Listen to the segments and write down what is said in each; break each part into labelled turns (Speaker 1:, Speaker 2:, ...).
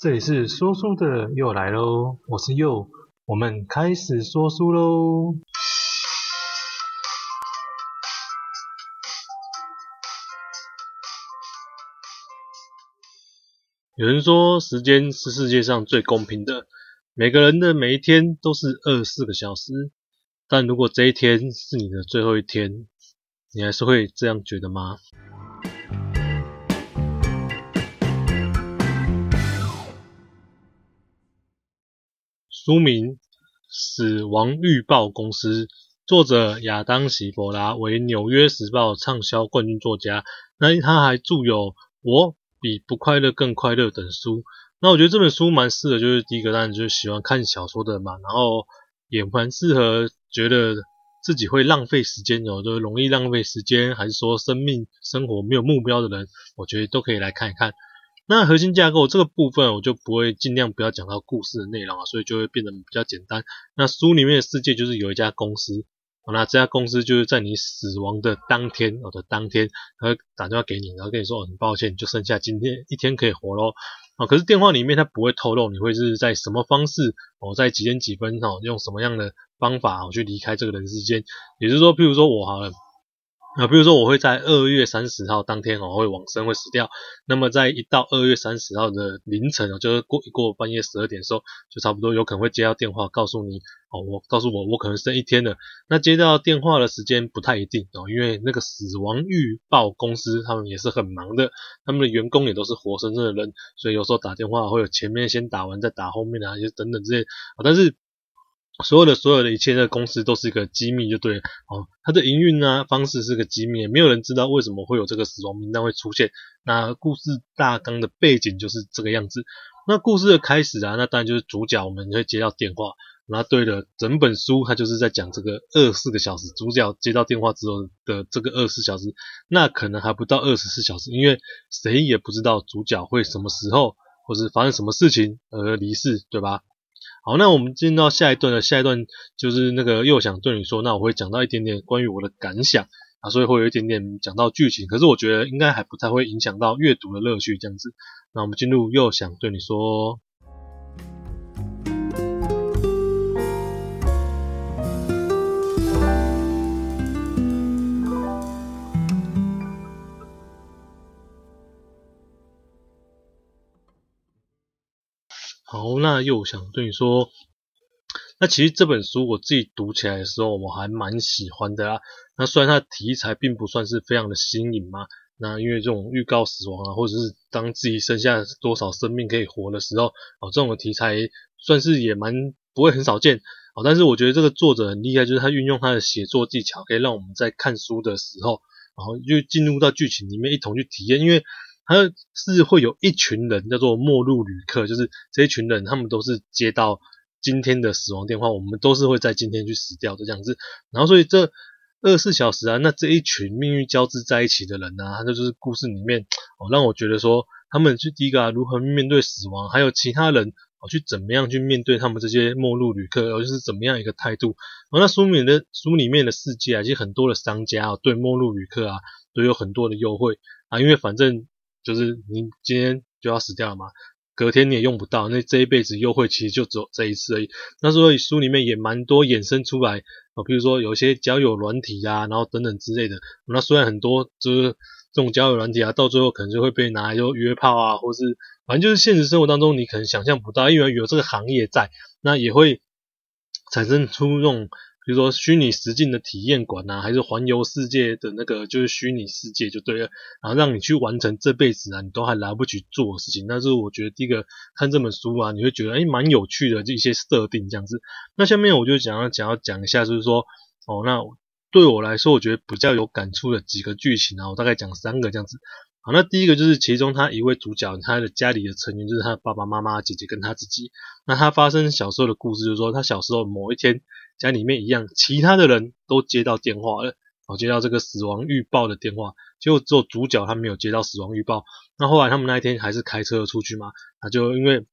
Speaker 1: 這裡是說書的佑來嘍，我是佑，我們開始說書嘍。有人說時間是世界上最公平的，每個人的每一天都是二十四個小時，但如果這一天是你的最後一天，你還是會這樣覺得嗎？書名《死亡預報公司》，作者亞當·希伯拉為《紐約時報》暢銷冠軍作家。那他還著有《我比不快樂更快樂》等書。那我覺得這本書蠻適合，就是第一個，當然就是喜歡看小說的嘛。然後也蠻適合覺得自己會浪費時間哦，就是、容易浪費時間，還是說生命生活沒有目標的人，我覺得都可以來看一看。那核心架構這個部分，我就不會盡量不要講到故事的內容啊，所以就會變得比較簡單。那書裡面的世界就是有一家公司，那這家公司就是在你死亡的當天，我的當天，他會打電話給你，然後跟你說很、哦、抱歉，你就剩下今天一天可以活嘍。可是電話裡面他不會透露你會是在什麼方式，我在幾點幾分哈，用什麼樣的方法我去離開這個人世間。也就是說，譬如說我好了。啊，比如說我會在二月三十號當天哦，會往生會死掉。那麼在一到二月三十號的凌晨哦，就是過一過半夜十二點的時候，就差不多有可能會接到電話告訴你哦，我告訴我我可能剩一天了。那接到電話的時間不太一定哦，因為那個死亡預報公司他們也是很忙的，他們的員工也都是活生生的人，所以有時候打電話會有前面先打完再打後面的啊，就是等等這些啊，但是。所有的所有的一切，那公司都是一個機密，就對了哦。它的營運呢、啊、方式是個機密，沒有人知道為什麼會有這個死亡名單會出現。那故事大綱的背景就是這個樣子。那故事的開始啊，那當然就是主角我們會接到電話。然後對了，整本書它就是在講這個二十四個小時，主角接到電話之後的這個二十四小時，那可能還不到二十四小時，因為誰也不知道主角會什麼時候或是發生什麼事情而、呃、離世，對吧？好，那我們進到下一段了。下一段就是那個佑想對你說，那我會講到一點點關於我的感想啊，所以會有一點點講到劇情，可是我覺得應該還不太會影響到閱讀的樂趣這樣子。那我們進入佑想對你說。又想對你說，那其實這本書我自己讀起來的時候，我還蠻喜歡的啦。那雖然它的題材並不算是非常的新穎嘛，那因為這種預告死亡啊，或者是當自己剩下多少生命可以活的時候，哦，這種題材算是也蠻不會很少見。但是我覺得這個作者很厲害，就是他運用他的寫作技巧，可以讓我們在看書的時候，然後就進入到劇情裡面一同去體驗，因為。他是會有一群人叫做末路旅客，就是這一群人，他們都是接到今天的死亡電話，我們都是會在今天去死掉的這樣子。然後，所以這二十四小時啊，那這一群命運交織在一起的人啊，他就就是故事裡面哦，讓我覺得說他們去第一個啊，如何面對死亡，還有其他人哦去怎麼樣去面對他們這些末路旅客，尤、哦、其、就是怎麼樣一個態度。哦，那書裡面的，書裡面的世界啊，其實很多的商家啊，對末路旅客啊都有很多的優惠啊，因為反正。就是你今天就要死掉了嘛，隔天你也用不到，那這一輩子優惠其實就只有這一次而已。那所以書裡面也蠻多衍生出來啊，比如說有一些交友軟體呀，啊，然後等等之類的。那雖然很多就是這種交友軟體啊，到最後可能就會被拿來就約炮啊，或是反正就是現實生活當中你可能想象不到，因為有這個行業在，那也會產生出這種。比如說虛擬實境的體驗館啊，還是環遊世界的那個，就是虛擬世界就對了，然後讓你去完成這輩子啊，你都還來不及做的事情。但是我覺得第一個看這本書啊，你會覺得誒蠻有趣的這一些設定這樣子。那下面我就想要想要講一下，就是說哦，那對我來說我覺得比較有感觸的幾個劇情啊，我大概講三個這樣子。好，那第一個就是其中他一位主角他的家裡的成員就是他的爸爸媽媽姐姐跟他自己。那他發生小時候的故事，就是說他小時候某一天，家裡面一樣，其他的人都接到電話了，哦，接到這個死亡預報的電話，結果只有主角他沒有接到死亡預報。那後來他們那一天還是開車了出去嘛，他就因為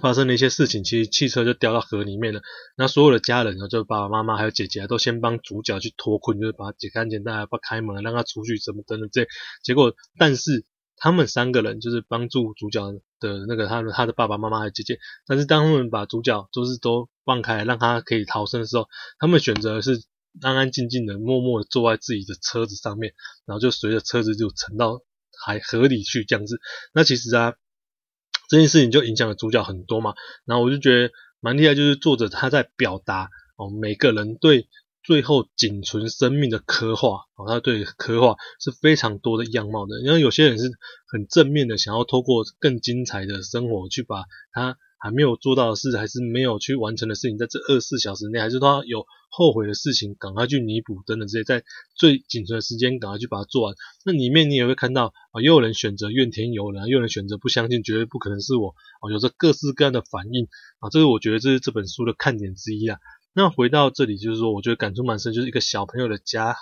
Speaker 1: 發生了一些事情，其實汽車就掉到河裡面了。那所有的家人，然後就爸爸媽媽還有姐姐都先幫主角去脫困，就是把他解開安全帶，把他開門，讓他出去，什麼等等這。結果但是他們三個人就是幫助主角的那個，他的他的爸爸媽媽和姐姐。但是當他們把主角就是都放開，讓他可以逃生的時候，他們選擇是安安靜靜的、默默的坐在自己的車子上面，然後就隨着車子就沉到海河裡去。這樣子，那其實啊，這件事情就影響了主角很多嘛。然後我就覺得蠻厲害，就是作者他在表達哦，每個人對。最後僅存生命的刻畫啊，他對刻畫是非常多的樣貌的，因為有些人是很正面的，想要透過更精彩的生活去把他還沒有做到的事，還是沒有去完成的事情，在這二十四小時內，還是他有後悔的事情，趕快去彌補等等這些，在最僅存的時間，趕快去把它做完。那裡面你也會看到啊，又有人選擇怨天尤人，又有人選擇不相信，絕對不可能是我啊，有着各式各樣的反應啊，這個我覺得這是這本書的看點之一啊。那回到這裡，就是說，我覺得感觸蠻深，就是一個小朋友的家，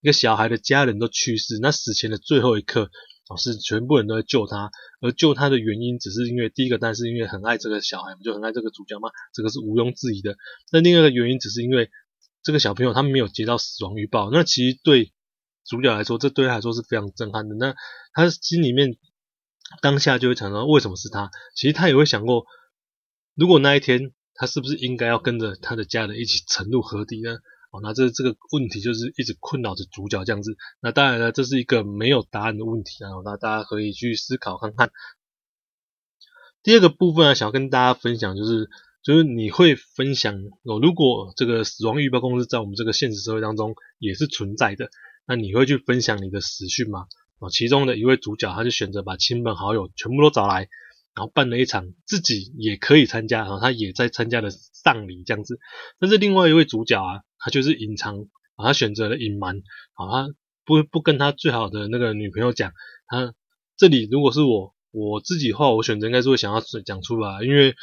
Speaker 1: 一個小孩的家人都去世，那死前的最後一刻，是全部人都在救他，而救他的原因，只是因為第一個，但是因為很愛這個小孩嘛，就很愛這個主角嘛，這個是毋庸置疑的。那另一個原因，只是因為這個小朋友他沒有接到死亡預報，那其實對主角來說，這對他來說是非常震撼的。那他心裡面當下就會想到，為什麼是他？其實他也會想過，如果那一天。他是不是應該要跟着他的家人一起沉入河底呢？哦，那這這個問題就是一直困擾着主角這樣子。那當然了，這是一個沒有答案的問題啊。那大家可以去思考看看。第二個部分啊，想要跟大家分享就是，就是你會分享哦？如果這個死亡預報公司在我們這個現實社會當中也是存在的，那你會去分享你的死訊嗎？啊，其中的一位主角他就選擇把親朋好友全部都找來。然後辦了一場自己也可以參加，然後他也在參加的喪禮這樣子。但是另外一位主角啊，他就是隱藏，他選擇了隱瞞，好，他不不跟他最好的那個女朋友講。他這裡如果是我我自己的話，我選擇應該是會想要講出吧，因為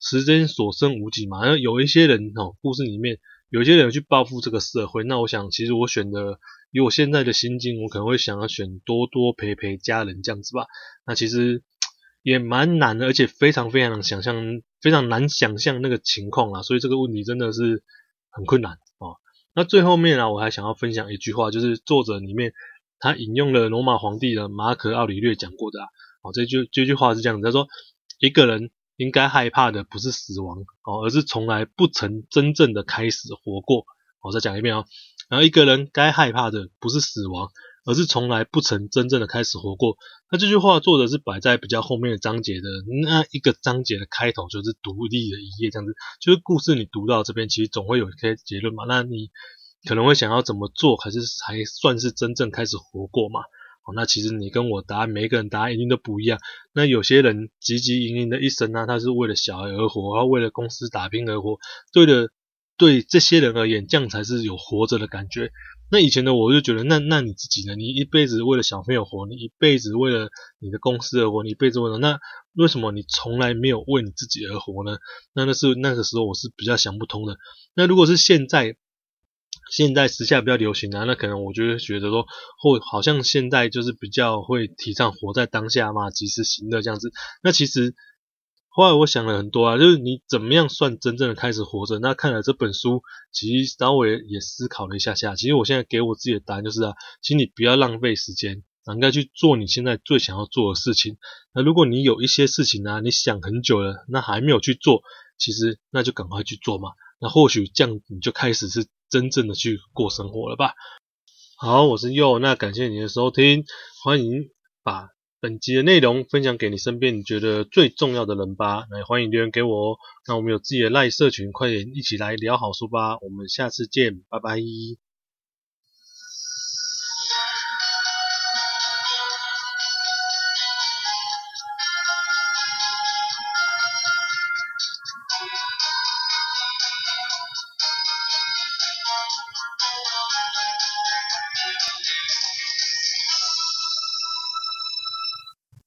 Speaker 1: 時間所剩無幾嘛。然後有一些人哦，故事裡面有一些人去報復這個社會。那我想，其實我選擇以我現在的心境，我可能會想要選多多陪陪家人這樣子吧。那其實。也蠻難的，而且非常非常想象非常難想象那個情況啊，所以這個問題真的是很困難哦。那最後面啊，我還想要分享一句話，就是作者裡面他引用了羅馬皇帝的馬可奧里略講過的啊，哦，這句這句話是這樣的，他說一個人應該害怕的不是死亡哦，而是從來不曾真正的開始活過。我，哦，再講一遍啊，哦，然後一個人該害怕的不是死亡，而是從來不曾真正的開始活過。那這句話作者是擺在比較後面的章節的那一個章節的開頭，就是獨立的一頁這樣子。就是故事你讀到這邊，其實總會有一些結論嘛。那你可能會想要怎麼做，還是還算是真正開始活過嘛？哦，那其實你跟我答案，每一個人答案一定都不一樣。那有些人汲汲營營的一生呢、啊，他是為了小孩而活，然後為了公司打拼而活。對的，對這些人而言，這樣才是有活着的感覺。那以前的我就覺得，那那你自己呢？你一輩子為了小朋友活，你一輩子為了你的公司而活，你一輩子為了那為什麼你從來沒有為你自己而活呢？那那是那個時候我是比較想不通的。那如果是現在，現在時下比較流行啊，那可能我就會覺得說，會，好像現在就是比較會提倡活在當下嘛，及時行樂這樣子。那其實。後來我想了很多啊，就是你怎麼樣算真正的開始活着？那看了這本書，其實然後我也也思考了一下下。其實我現在給我自己的答案就是啊，請你不要浪費時間，應、啊、該去做你現在最想要做的事情。那如果你有一些事情呢、啊，你想很久了，那還沒有去做，其實那就趕快去做嘛。那或許這樣你就開始是真正的去過生活了吧。好，我是佑，那感謝你的收聽，歡迎把。本集的內容分享給你身邊你覺得最重要的人吧，來歡迎留言給我哦。那我們有自己的 LINE 社群，快點一起來聊好書吧。我們下次見，拜拜！